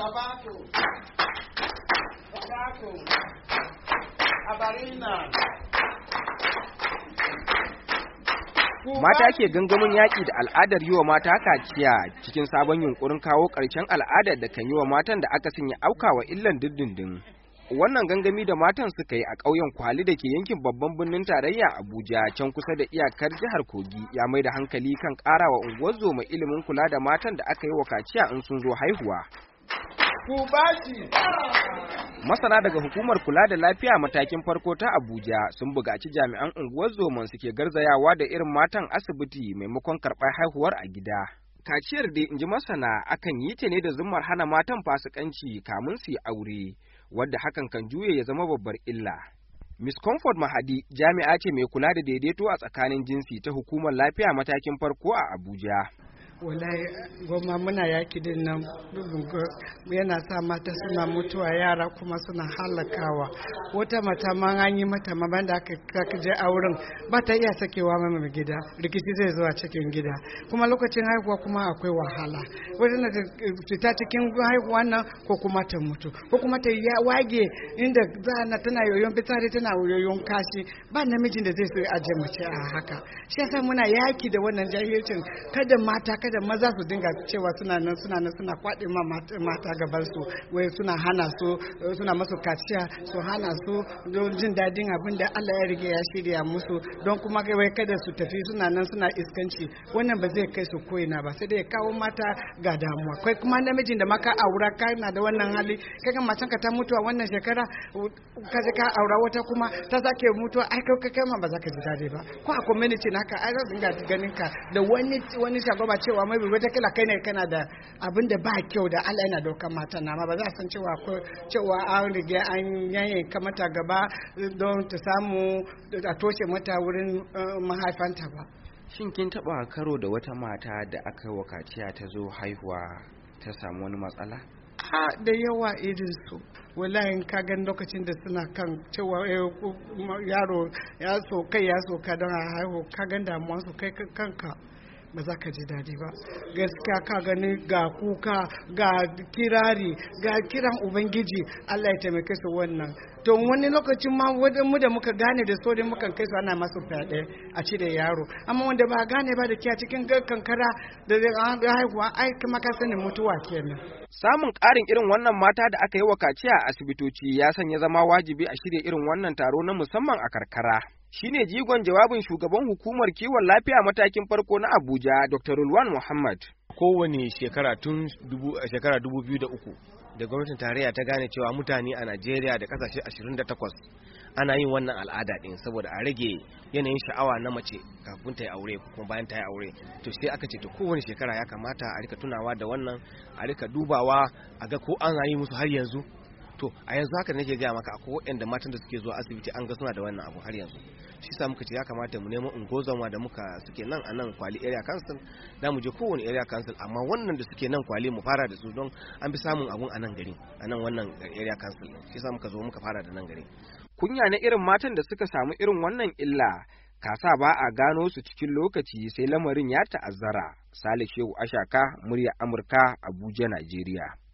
Abarina. Mata ke gangamin yaƙi da al'adar yi wa mata kaciya cikin sabon yunkurin kawo ƙarshen al'adar da kan yi wa matan da aka sanya wa illan dindindin. Wannan gangami da matan suka yi a ƙauyen Kwali da ke yankin babban birnin tarayya Abuja can kusa da iyakar jihar Kogi ya mai da hankali kan ƙarawa unguwar zoma ilimin kula da matan da aka yi wa kaciya in sun zo haihuwa. ku masana daga hukumar kula da lafiya matakin farko ta abuja sun bugaci jami'an unguwar zoman suke garzayawa da irin matan asibiti maimakon karɓar haihuwar a gida kaciyar dai in ji masana akan yi ta ne da zumar hana matan fasikanci kamun su yi aure wadda hakan kan juya ya zama babbar illa Miss Comfort Mahadi jami'a ce mai kula da daidaito a tsakanin jinsi ta hukumar lafiya matakin farko a Abuja. wallahi goma muna yaki din nan yana sa mata suna mutuwa yara kuma suna halakawa wata mata ma an yi mata ma banda aka je auren ba ta iya sakewa mai gida rikici zai zuwa cikin gida kuma lokacin haihuwa kuma akwai wahala wajen da fita cikin haihuwa nan ko kuma ta mutu ko kuma ta wage inda na tana yoyon fitsari tana yoyon kashi ba namijin da zai so aje mace a haka shi yasa muna yaki da wannan jahilcin kada mata da maza su dinga cewa suna nan suna nan suna kwaɗe ma mata gabar su wai suna hana su suna masu kaciya su hana su don jin dadin abin da Allah ya rige ya shirya musu don kuma kai wai kada su tafi suna nan suna iskanci wannan ba zai kai su koyina ba sai dai kawo mata ga damuwa kai kuma namijin da maka aura kana da wannan hali kaga macen ka ta mutuwa wannan shekara ka je ka aura wata kuma ta zake mutuwa ai kai kai ma ba za ka ji dadi ba ko a community naka ai za su dinga ganin ka da wani wani ba cewa cewa mai wata kila kai ne kana da abin da ba kyau da Allah yana daukan matan na ba za san cewa ko cewa an riga an yanye mata gaba don ta samu a toshe mata wurin eh, mahaifanta ba shin kin taba karo da wata mata da aka yi ta zo haihuwa ta samu wani matsala ha da yawa irin su wallahi ka gan lokacin da suna kan cewa eh, yaro ya so kai ya so ka don haihu ka gan damuwa su kai kanka ba za ka ji daɗi ba gaskiya ka gani ga kuka ga kirari ga kiran ubangiji allah ya taimake su wannan to wani lokacin ma wadda mu da muka gane da so da muka kai su ana masu fyaɗe a cire yaro amma wanda ba gane ba da kya cikin kankara da haihuwa ai kuma ka sani mutuwa kenan samun ƙarin irin wannan mata da aka yi wa kaciya a asibitoci ya sanya zama wajibi a shirya irin wannan taro na musamman a karkara shine jigon jawabin shugaban hukumar kiwon lafiya matakin farko na Abuja Dr. Rulwan Muhammad kowane shekara tun shekara 2003 da gwamnatin tarayya ta gane cewa mutane a najeriya da kasashe 28 ana yin wannan al'ada din saboda a rage yanayin sha'awa na mace kafin ta yi aure kuma bayan ta yi aure to sai aka ce to kowane shekara ya kamata a rika tunawa da wannan a rika dubawa a ga ko an yi musu har yanzu to a yanzu haka nake gaya maka akwai waɗanda matan da suke zuwa asibiti an ga suna da wannan abu har yanzu shi sa muka ce ya kamata mu nemo ungozama da muka suke nan a nan kwali area council da mu je kowane area council amma wannan da suke nan kwali mu fara da su don an bi samun abun a nan gari a nan wannan area council shi sa muka zo muka fara da nan gari kunya na irin matan da suka samu irin wannan illa kasa ba a gano su cikin lokaci sai lamarin ya ta'azzara Sale Ashaka, murya Amurka, Abuja, Najeriya.